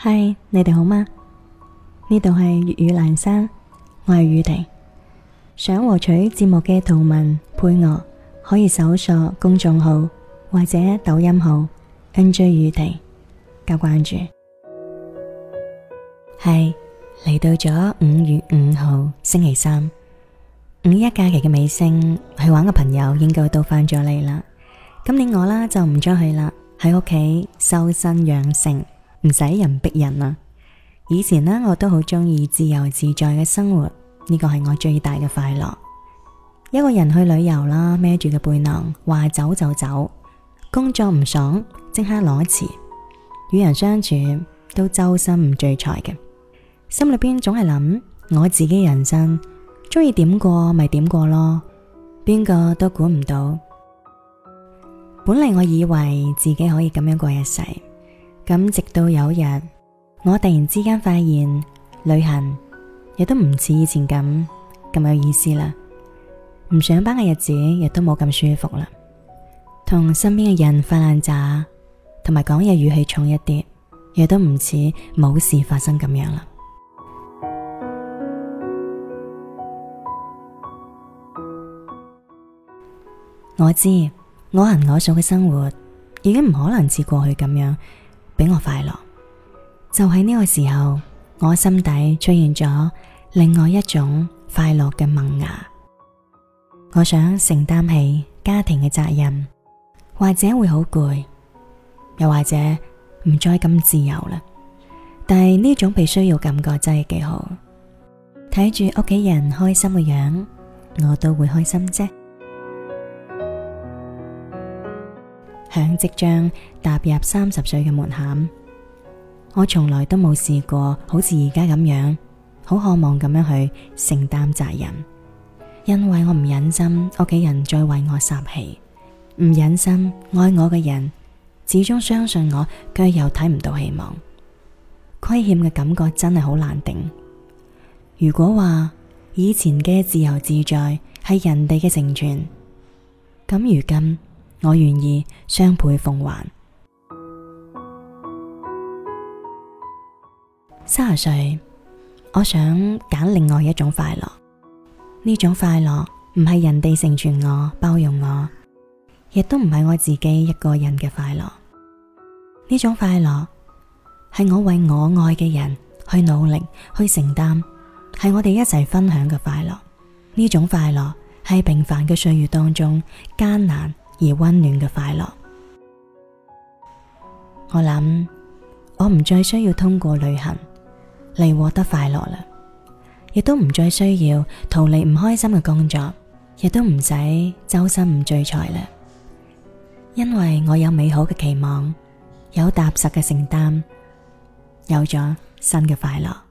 嗨，Hi, 你哋好嗎？呢度係粵語闌珊，我係宇婷。想獲取節目嘅圖文配樂，可以搜索公眾號或者抖音號 NJ 宇婷加關注。係嚟到咗五月五號星期三，五一假期嘅尾聲，去玩嘅朋友應該都翻咗嚟啦。今年我啦就唔出去啦，喺屋企修身養性。唔使人逼人啊！以前呢，我都好中意自由自在嘅生活，呢個係我最大嘅快樂。一個人去旅遊啦，孭住個背囊，話走就走。工作唔爽，即刻裸辭。與人相處都周身唔聚財嘅，心裏邊總係諗我自己人生，中意點過咪點過咯，邊個都估唔到。本嚟我以為自己可以咁樣過一世。咁直到有日，我突然之間發現旅行亦都唔似以前咁咁有意思啦。唔上班嘅日子亦都冇咁舒服啦。同身邊嘅人發爛渣，同埋講嘢語氣重一啲，亦都唔似冇事發生咁樣啦。 我知我行我素嘅生活已經唔可能似過去咁樣。俾我快樂，就喺呢個時候，我心底出現咗另外一種快樂嘅萌芽。我想承擔起家庭嘅責任，或者會好攰，又或者唔再咁自由啦。但係呢種被需要感覺真係幾好，睇住屋企人開心嘅樣，我都會開心啫。向即將踏入三十歲嘅門檻，我從來都冇試過好似而家咁樣，好渴望咁樣去承擔責任，因為我唔忍心屋企人再為我煞氣，唔忍心愛我嘅人始終相信我，佢又睇唔到希望，虧欠嘅感覺真係好難頂。如果話以前嘅自由自在係人哋嘅成全，咁如今。我願意雙倍奉還。三十歲，我想揀另外一種快樂。呢種快樂唔係人哋成全我、包容我，亦都唔係我自己一個人嘅快樂。呢種快樂係我為我愛嘅人去努力、去承擔，係我哋一齊分享嘅快樂。呢種快樂係平凡嘅歲月當中艱難而溫暖嘅快樂，我諗我唔再需要通過旅行嚟獲得快樂啦，亦都唔再需要逃離唔開心嘅工作，亦都唔使周身唔聚財啦，因為我有美好嘅期望，有踏實嘅承擔，有咗新嘅快樂。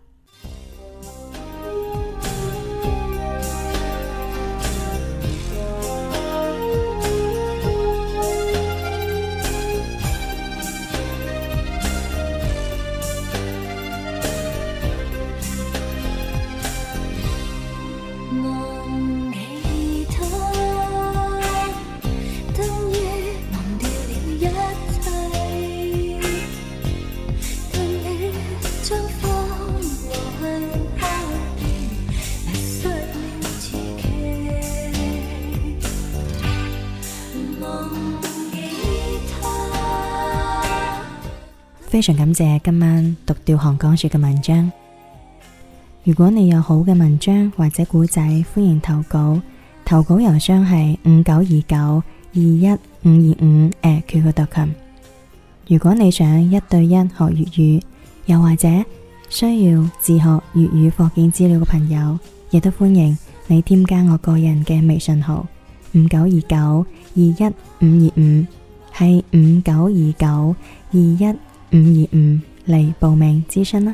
非常感謝今晚獨釣寒江雪嘅文章。如果你有好嘅文章或者古仔，歡迎投稿。投稿郵箱係五九二九二一五二五艾特 QQ 點 com。誒特 QQ 點 com。如果你想一對一學粵語，又或者需要自學粵語課件資料嘅朋友，亦都歡迎你添加我個人嘅微信號五九二九二一五二五，係五九二九二一。五二五嚟報名諮詢啦！